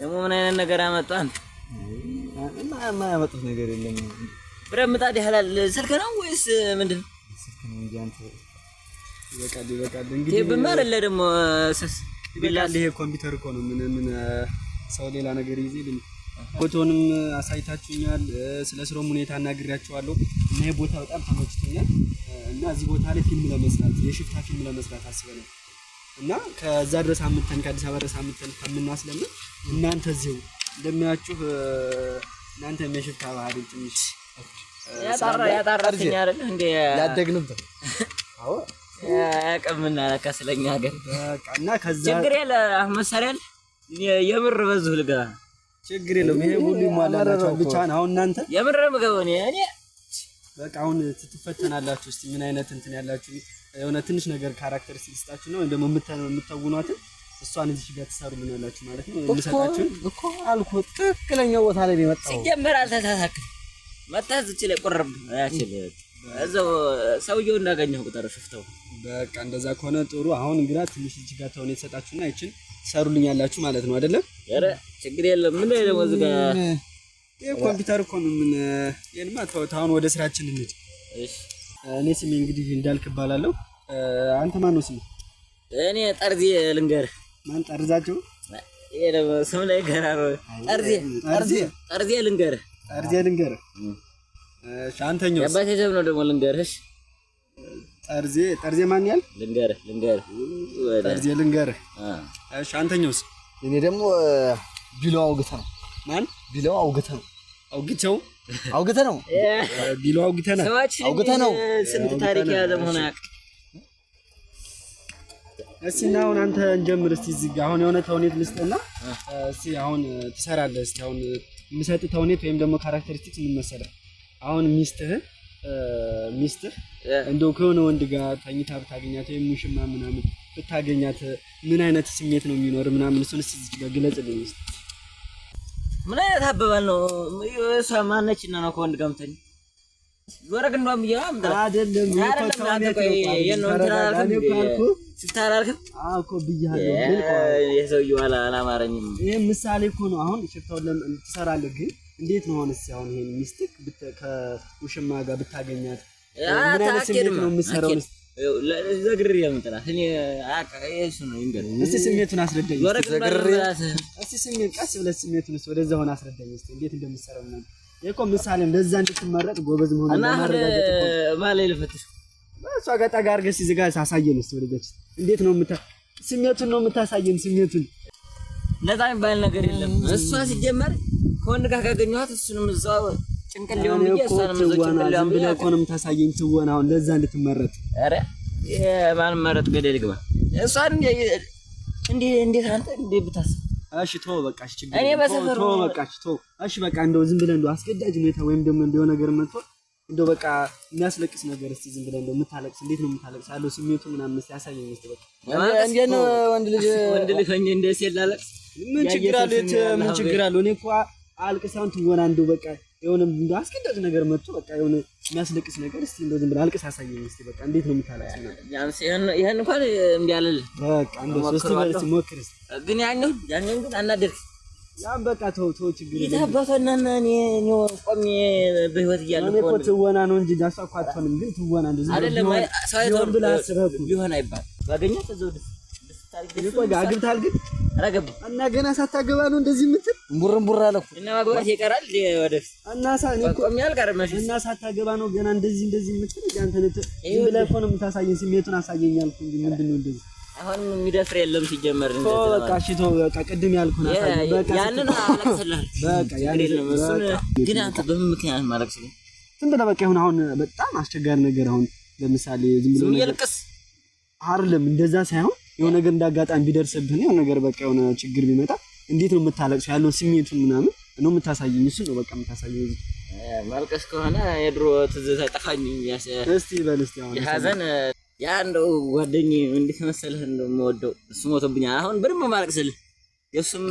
ደግሞ ምን አይነት ነገር አመጣን? የማያመጡት ነገር የለም። ብረት ምጣድ ያህላል ስልክ ነው ወይስ ምንድን ነው? ነው እንጂ አንተ ይበቃል፣ እንግዲህ ይሄብማ አይደለ ደግሞ ስስ ይበላል። ይሄ ኮምፒውተር እኮ ነው። ምን ምን ሰው ሌላ ነገር ይዜ ፎቶንም አሳይታችሁኛል። ስለ ስሮም ሁኔታ አናግሬያችኋለሁ እና ይሄ ቦታ በጣም ተመችቶኛል እና እዚህ ቦታ ላይ ፊልም ለመስራት የሽፍታ ፊልም ለመስራት አስበናል። እና ከዛ ድረስ አምተን ከአዲስ አበባ ድረስ አምተን ከምናስለምን እናንተ እዚሁ እንደሚያችሁ እናንተ የሚያሽፍታ ባህል ትንሽ እንዴ ያደግንበት። አዎ ያቀምና ለካ ስለኛ ሀገር እና ከዛ ችግር የለ የምር ልገባ ችግር የለውም። ይሄ ሁሉ ብቻ ነው አሁን እናንተ የምር እኔ በቃ አሁን እስቲ ምን አይነት እንትን ያላችሁ የሆነ ትንሽ ነገር ካራክተር ስጣችሁ ነው ወይም ደግሞ የምታውኗትን እሷን እዚህ ጋር ምን ያላችሁ ማለት ነው። የምሰጣችሁን እኮ አልኩህ፣ ትክክለኛው ቦታ ላይ ነው የመጣሁት። ሲጀመር አልተሳሳክም። መጣህ እዚህ ላይ ቁርብ ያችል እዛው ሰውየው እንዳገኘሁ ቁጠር ሽፍተው በቃ እንደዛ ከሆነ ጥሩ። አሁን እንግዳ ትንሽ እዚህ ጋር ተሆነ የተሰጣችሁና ይችን ትሰሩልኛላችሁ ማለት ነው አይደለም? ኧረ ችግር የለም። ምን ላይ ደግሞ እዚህ ጋር ይሄ ኮምፒውተር እኮ ነው። ምን የልማ ተው፣ አሁን ወደ ስራችን እንሂድ። እሺ እኔ ስሜ እንግዲህ እንዳልክ እባላለሁ። አንተ ማን ነው ስሜ? እኔ ጠርዜ ልንገርህ። ማን ጠርዛቸው? ይሄ ስም ላይ ገና ነው። ጠርዜ ጠርዜ ልንገርህ። ጠርዜ ልንገርህ። አንተኛው የአባቴ ደም ነው ደግሞ ልንገርህ። ጠርዜ ጠርዜ ማን ያል ልንገርህ ልንገርህ ጠርዜ ልንገርህ። እሺ አንተኛውስ? እኔ ደግሞ ቢለው አውግታ ነው። ማን ቢለው አውግታ ነው አውግተው አውግተ ነው ቢሎ አውግተ ነው አውግተ ነው። ስንት ታሪክ የያዘ መሆን አያውቅም። እስኪ እና አሁን አንተ እንጀምር እስኪ እዚህ ጋር አሁን የሆነ ተውኔት ልስጥና እስኪ አሁን ትሰራለህ። እስኪ አሁን የምሰጥህ ተውኔት ወይም ደግሞ ካራክተሪስቲክስ ምን መሰለህ? አሁን ሚስትህን ሚስትህ እንደው ከሆነ ወንድ ጋር ተኝታ ብታገኛት ወይም ሙሽማ ምናምን ብታገኛት ምን አይነት ስሜት ነው የሚኖር ምናምን፣ እሱን እስኪ እዚህ ጋር ግለጽልኝ እስኪ ምን አይነት አበባል ነው? ማነች እና ነው ከወንድ ጋር የምትተኛ ወረቅ እንደውም ብዬሽ አይደለም። ስታር እኮ ብያለሁ። የሰውዬው አላማረኝም። ይሄ ምሳሌ እኮ ነው። አሁን ሽፍታውን ትሰራለህ፣ ግን እንዴት ነው ሆነስ? አሁን ይሄን ሚስትህ ከውሽማ ጋር ብታገኛት ምን አይነት ስሜት ነው የምትሰራው? ዘግሬ የምጥላት እኔ አቃ እሱ ነው ይንገር። እስቲ ስሜቱን አስረዳኝ። እስቲ ስሜት ቀስ ብለህ ስሜቱን እስቲ ወደዛ ሆነ አስረዳኝ እስቲ እንዴት እንደምትሰራው ነው እኮ ምሳሌ እንደዛ እንድትመረጥ ጎበዝ መሆን እና ማለይ ልፈትሽ እሷ ጋር ጠጋ አድርገሽ ሳሳየን እስቲ ወደዛች እንዴት ነው የምታ ስሜቱን ነው የምታሳየን ስሜቱን። ነፃ የሚባል ነገር የለም። እሷ ሲጀመር ከወንድ ጋር ካገኘኋት እሱንም እዛው ጭንቅልሆንብለኮንም የምታሳየኝ ትወና አሁን ለዛ እንድትመረጥ ኧረ ማን መረጥ ገደል ግባ። እሷን እንዴት አንተ እንዴት ብታስብ እሺ ተወው በቃ እሺ፣ ችግር እኔ በሰፈሩ ተወው በቃ እሺ፣ ተወው እሺ በቃ እንደው ዝም ብለህ እንደው አስገዳጅ ሁኔታ ወይም ደግሞ እንደው ነገር መጥቶ እንደው በቃ የሚያስለቅስ ነገር እስቲ ዝም ብለህ እንደው የምታለቅስ እንዴት ነው የምታለቅስ ያለው ስሜቱ ምናምን እስቲ አሳየኝ እስቲ በቃ እንዴት ነው ወንድ ልጅ ወንድ ልጅ ሆኜ እንደ ሴት ላለቅስ ምን ችግር አለው? ምን ችግር አለው? እኔ እኮ አልቅሳውን ትወና እንደው በቃ የሆነ አስገዳጅ ነገር መጥቶ በቃ የሆነ የሚያስለቅስ ነገር እስቲ እንደው ዝም ብለህ አልቅስ አሳየኝ እስቲ በቃ እንዴት ነው የምታለቅስ ነው? ያንስ ይሄን እንኳን እምቢ አለልህ በቃ እንደው እስቲ በልስ ሞክር እስቲ ግን ያኛው ያኛው ግን አናደርክ ያን በቃ ተው ተው ችግር የለም የታባተና እና እኔ ቆሜ በህይወት እያለሁ እኔ እኮ ትወና ነው እንጂ ዳሳ እኮ አትሆንም። ግን ትወና እንደዚህ አይደለም ሰው አይተው ቢሆን አይባል ባገኛት ዘውድ ታሪክ ግን ቆይ አግብታል ግን አላገባም እና ገና ሳታገባ ነው እንደዚህ የምትል ቡርም ቡር አለ እኮ እና ማግባት ይቀራል ወደፊት እና እና ሳታገባ ነው ገና እንደዚህ እንደዚህ የምትል አንተ ብለህ እኮ ነው የምታሳየን። ስሜቱን አሳየኝ አልኩህ እንጂ ምንድን ነው እንደዚህ አሁን የሚደፍር የለም ሲጀመር። በቃ እሺ ተው፣ በቃ ቅድም ያልኩህን አሳየኝ። በቃ ያንን አለቅስልሃል። በቃ ያንን ግን አንተ በምን ምክንያት ማለቅስልህ? ዝም ብለህ በቃ ይሁን። አሁን በጣም አስቸጋሪ ነገር አሁን ለምሳሌ ዝም ብሎ ልቅስ አይደለም እንደዛ ሳይሆን የሆነ ነገር እንዳጋጣሚ ቢደርስብህ ነው ነገር በቃ የሆነ ችግር ቢመጣ እንዴት ነው የምታለቅሰው? ያለውን ስሜቱን ምናምን ነው የምታሳየኝ። እሱ ነው በቃ የምታሳየኝ። ማልቀስ ከሆነ የድሮ ትዝታ አይጠፋኝም። እስቲ በል እስቲ አሁን ሀዘን ያ እንደው ጓደኛዬ እንዴት መሰለህ እንደምወደው እሱ ሞቶብኛል። አሁን በደንብ ማለቅስልህ የእሱም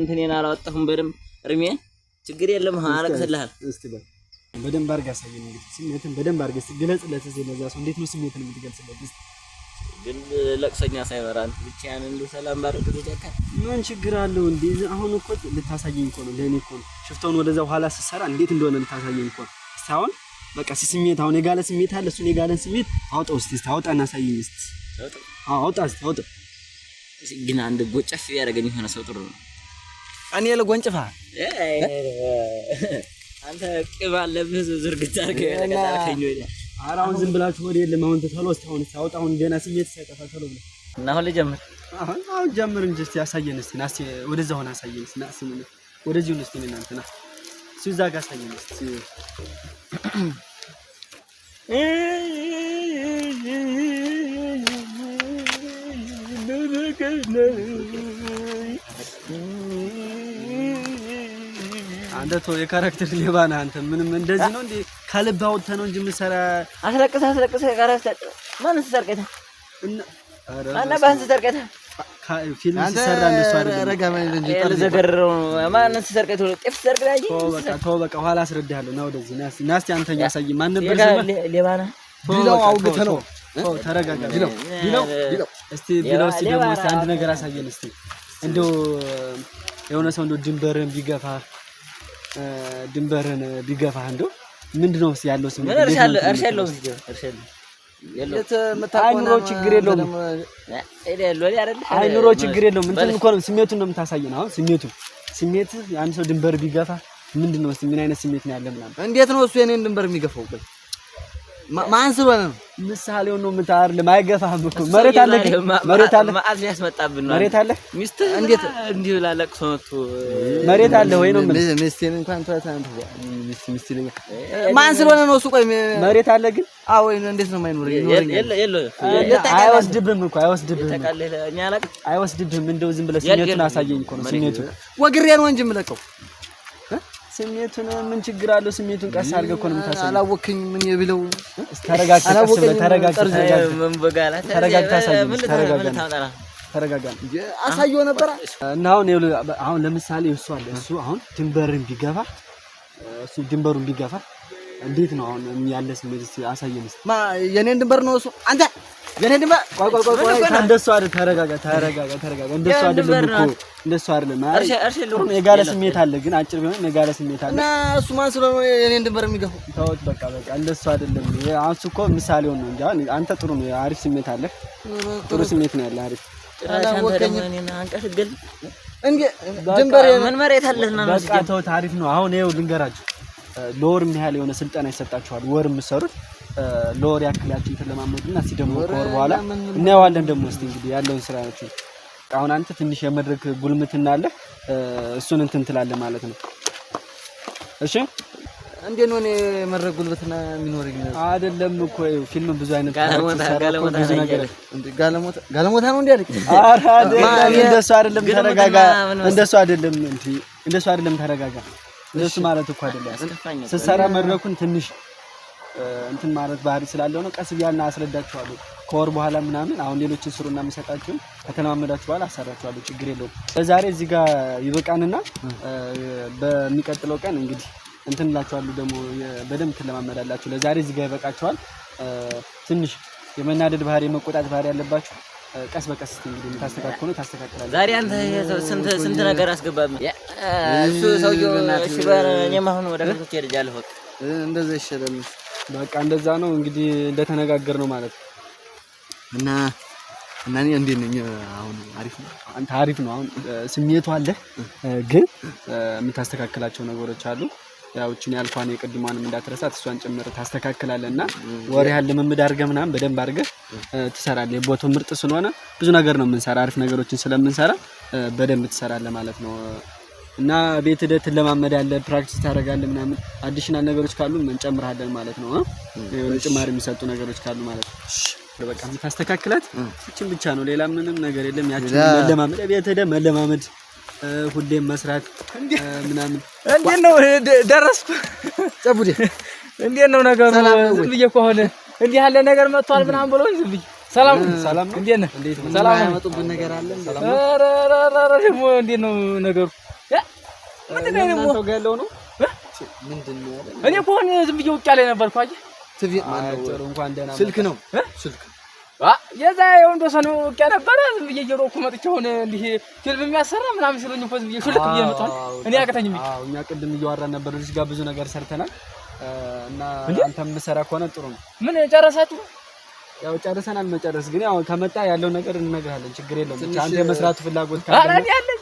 እንትኔን አላወጣሁም በደንብ እርሜ ችግር የለም አለቅስልሃል። እስቲ በል በደንብ አድርገህ አሳየኝ። እንግዲህ ስሜትን በደንብ አድርገህ ግለጽለት። እዚህ ለዛ ሰው እንዴት ነው ስሜትን የምትገልጽለት? ግን ለቅሶኛ ሳይበራን ብቻዬን እንደ ሰላም ባረክ ተጫካ ምን ችግር አለው እንዴ? አሁን እኮ ልታሳየኝ እኮ ነው፣ ለኔ እኮ ነው። ሽፍታውን ወደዛ ኋላ ስትሰራ እንዴት እንደሆነ ልታሳየኝ እኮ ነው። እስካሁን በቃ ሲ ስሜት አሁን የጋለ ስሜት አለ። እሱን የጋለ ስሜት አውጣው እስቲ፣ አውጣ እናሳየኝ እስቲ። አውጣ አውጣ እስቲ፣ አውጣ። ግን አንድ ጎጨፍ ያደረገኝ የሆነ ሰው ጥሩ ነው። አንዴ እኔ ለጎንጭፋ አንተ ቅብ አለብህ ዝርግት አድርገህ ተቀጣልከኝ ወይ ኧረ አሁን ዝም ብላችሁ ወደ የለም አሁን ተሰሎ እስካሁን እስካወጣ አሁን ገና ስሜት ሳይጠፋ ተሎ ብለህ እና አሁን ልጀምር። አሁን አሁን ጀምር እንጂ ያሳየን አሳየን። እስቲ ናስ ወደዛ ሆነ አሳየን። እስቲ ናስ ምን ወደዚህ ነው እስቲ እናንተ ና እሱ እዛ ጋር አሳየን እስቲ አንተ ተው፣ የካራክተር ሌባ ነህ አንተ። ምንም እንደዚህ ነው እንዴ? ከልብ አውጥተህ ነው እንጂ የምንሰራ አስለቅሰህ አስለቅሰህ ማንን ስትሰርቀኝ እና በአንተ ስትሰርቀኝ ፊልም ሲሰራ እንደሱ አይደለም። ዘገረው ማንን ስትሰርቀኝ ጤፍ ስትሰርቅ ላይ ተው፣ በቃ ኋላ አስረዳሃለሁ። ና ወደዚህ ና እስኪ አንተ እያሳየህ ማን ነበር ሌባ ነህ ቢለው አውግተህ ነው። ተረጋጋ ቢለው ቢለው እስኪ ቢለው እስኪ ደግሞ እስኪ አንድ ነገር አሳየን እስኪ እንደው የሆነ ሰው እንደው ድንበርህን ቢገፋህ ድንበርህን ቢገፋህ እንደው ምንድነው ያለው ስሜት? እርሻ ያለው አይኑሮ ችግር የለውም። አይኑሮ ችግር የለውም። እንትን እኮ ነው ስሜቱን ነው የምታሳየን። አሁን ስሜቱ ስሜት አንድ ሰው ድንበር ቢገፋ ምንድነው? ምን አይነት ስሜት ነው ያለ ምናምን? እንዴት ነው እሱ የኔን ድንበር የሚገፋው? ማንስሩ ነው? ምሳሌው ነው ምታር ማይገፋህም እኮ መሬት አለ፣ መሬት አለ፣ ማዝ ያስመጣብን ነው። መሬት አለ፣ ሚስትህ እንዴት እንዲህ ሰውቱ መሬት አለ ወይ ነው? ምን ሚስቴን እንኳን ተታንት ማን ስለሆነ ነው? እሱ ቆይ መሬት አለ ግን አዎ፣ እንዴት ነው የማይኖር? አይወስድብህም እኮ አይወስድብህም፣ አይወስድብህም። እንደው ዝም ብለህ ስሜቱን አሳየኝ እኮ ነው ስሜቱን ወግሬ ነው እንጂ የምለቀው ስሜቱን ምን ችግር አለው? ስሜቱን ቀስ አድርገህ እኮ ነው የምታሰበው። አላወቅኝ ምን ይብለው። ተረጋግተህ ተረጋጋ። አሳየው ነበር እና አሁን አሁን ለምሳሌ እሱ አለ እሱ አሁን ድንበርን ቢገፋ እሱ ድንበሩን ቢገፋ እንዴት ነው አሁን ያለ ስሜት? አሳየን። የኔን ድንበር ነው እሱ አንተ በነድማ ቆይ ቆይ የጋለ ስሜት አለ ግን አጭር ቢሆን የጋለ ስሜት አለ እና እሱ ማን ስለሆነ እኔን ድንበር የሚገፋው ተወት። በቃ በቃ እንደሱ አይደለም። አንሱ እኮ ምሳሌ ሆነ እንጂ አንተ ጥሩ ነው፣ አሪፍ ስሜት አለ። ጥሩ ስሜት ነው ያለ አሪፍ ድንበር ተውት። አሪፍ ነው። አሁን ይኸው ልንገራችሁ፣ ለወር ያህል የሆነ ስልጠና ይሰጣችኋል። ወር የምትሰሩት ለወር ያክላችን ተለማመዱና እስኪ ደግሞ ከወር በኋላ እናየዋለን። ደግሞ እስኪ እንግዲህ ያለውን ስራ ስራችን አሁን አንተ ትንሽ የመድረክ ጉልምትና አለ እሱን እንትን ትላለህ ማለት ነው። እሺ እንዴ ነው የመድረክ ጉልበትና የሚኖረኝ አይደለም እኮ ፊልም ብዙ አይነት ጋለሞታ ጋለሞታ ነው እንዴ? አይደለም፣ እንደሱ አይደለም፣ ተረጋጋ። እንደሱ አይደለም እንዴ? እንደሱ አይደለም፣ ተረጋጋ። እንደሱ ማለት እኮ አይደለም ስትሰራ መድረኩን ትንሽ እንትን ማለት ባህሪ ስላለው ነው። ቀስ ብያና አስረዳችኋለሁ። ከወር በኋላ ምናምን አሁን ሌሎችን ስሩ እና የምሰጣችሁን ከተለማመዳችሁ በኋላ አሰራችኋለሁ። ችግር የለውም። በዛሬ እዚህ ጋር ይበቃንና በሚቀጥለው ቀን እንግዲህ እንትን እላችኋለሁ። ደግሞ በደንብ ትለማመዳላችሁ። ለዛሬ እዚህ ጋር ይበቃችኋል። ትንሽ የመናደድ ባህሪ የመቆጣት ባህሪ ያለባችሁ ቀስ በቀስ እንግዲህ ታስተካክሉ ታስተካክላለህ። ዛሬ አንተ ስንት ስንት ነገር አስገባብህ። እሱ ሰውዬው እሺ በል እኔም አሁን ወደ ቤት ሄድጃለሁ። በቃ እንደዛ ይሻላል። በቃ እንደዛ ነው እንግዲህ እንደተነጋገር ነው ማለት እና እና እኔ እንዴት ነኝ አሁን? አሪፍ ነው። አንተ አሪፍ ነው አሁን ስሜቱ አለ፣ ግን የምታስተካክላቸው ነገሮች አሉ። እቺን ያልኳን የቅድሟንም እንዳትረሳት እሷን ጭምር ታስተካክላለህ እና ወሬህን ልምምድ አድርገህ ምናምን በደንብ አድርገህ ትሰራለህ። የቦታው ምርጥ ስለሆነ ብዙ ነገር ነው የምንሰራ አሪፍ ነገሮችን ስለምንሰራ በደንብ ትሰራለህ ማለት ነው። እና ቤት ለማመድ ያለ ፕራክቲስ ታደርጋለህ ምናምን አዲሽናል ነገሮች ካሉ እንጨምርሃለን ማለት ነው። የሆነ ጭማሪ የሚሰጡ ነገሮች ካሉ ማለት ነው። በቃ የምታስተካክላት እችን ብቻ ነው፣ ሌላ ምንም ነገር የለም። ያችን መለማመድ፣ ቤት ሂደህ መለማመድ፣ ሁሌም መስራት ምናምን። እንዴት ነው ደረስኩ? ጨቡዴ እንዴት ነው ነገሩ? ዝም ብዬ እኮ አሁን እንዲህ ያለ ነገር መጥቷል ምናምን ብሎ ዝም ብዬ ሰላም ሰላም፣ እንዴት ነው ሰላም ያመጡብን ነገር አለ። ሰላም ኧረ ኧረ ኧረ ደግሞ እንዴት ነው ነገሩ? ምንድን ነው ደግሞ ገለው ነው ምንድን ነው ያለ? እኔ እኮ አሁን ዝም ብዬ ውጭ ላይ ነበርኩ። አየህ ትቪ ስልክ ነው ስልክ የዛ የወንዶሰ ነው ውቅ ነበረ። ዝም ብዬ እየሮኩ መጥቼ አሁን እንዲህ ፊልም የሚያሰራ ምናምን ሲሉኝ እኮ ዝም ብዬ ሹልክ ብዬ መጣሁ። እኔ አቅተኝ ሚ እኛ ቅድም እያወራን ነበር። እዚህ ጋር ብዙ ነገር ሰርተናል እና አንተ የምሰራ ከሆነ ጥሩ ነው። ምን ጨረሳችሁ? ያው ጨርሰናል። መጨረስ ግን ያው ከመጣ ያለው ነገር እንነግርሃለን። ችግር የለውም። አንተ የመስራቱ ፍላጎት ካለ ያለኝ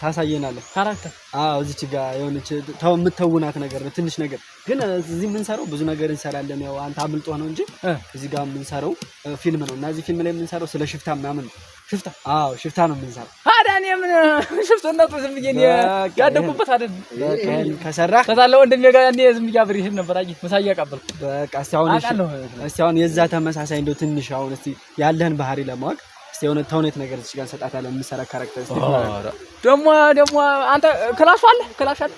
ታሳየናለህ። ካራክተር አዎ፣ እዚች ጋ የሆነች ተው የምትተውናት ነገር ነው ትንሽ ነገር ግን፣ እዚህ የምንሰራው ብዙ ነገር እንሰራለን። ያው አንተ አምልጦ ነው እንጂ እዚህ ጋር የምንሰራው ፊልም ነው እና እዚህ ፊልም ላይ የምንሰራው ስለ ሽፍታ ምናምን ነው። ሽፍታ አዎ፣ ሽፍታ ነው የምንሰራው። አዳን የምን ሽፍትነቱ ዝም ብዬ ያደኩበት አይደል? ከሰራ ከዛለ እንደሚያ ጋር ያኔ ዝም ብዬ አብሬ ይሄድ ነበር። አይ መሳያ ቀበል በቃ። እስቲ አሁን የዛ ተመሳሳይ እንደው ትንሽ አሁን እስቲ ያለህን ባህሪ ለማወቅ እስቲ የሆነ ተውኔት ነገር እዚህ ጋር እንሰጣታለን። የምሰራ ካራክተር እስቲ ደግሞ ደግሞ አንተ ክላሽ አለ ክላሽ አለ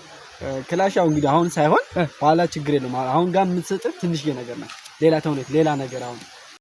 ክላሽ ያው እንግዲህ አሁን ሳይሆን ኋላ ችግር የለም። አሁን ጋር የምትሰጥህ ትንሽዬ ነገር ነው። ሌላ ተውኔት ሌላ ነገር አሁን